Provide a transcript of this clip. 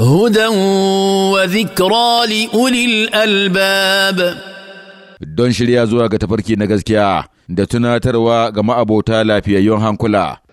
هدى وذكرى لأولي الألباب don shirya zuwa ga tafarki na gaskiya da tunatarwa ga ma'abota lafiyayyun hankula.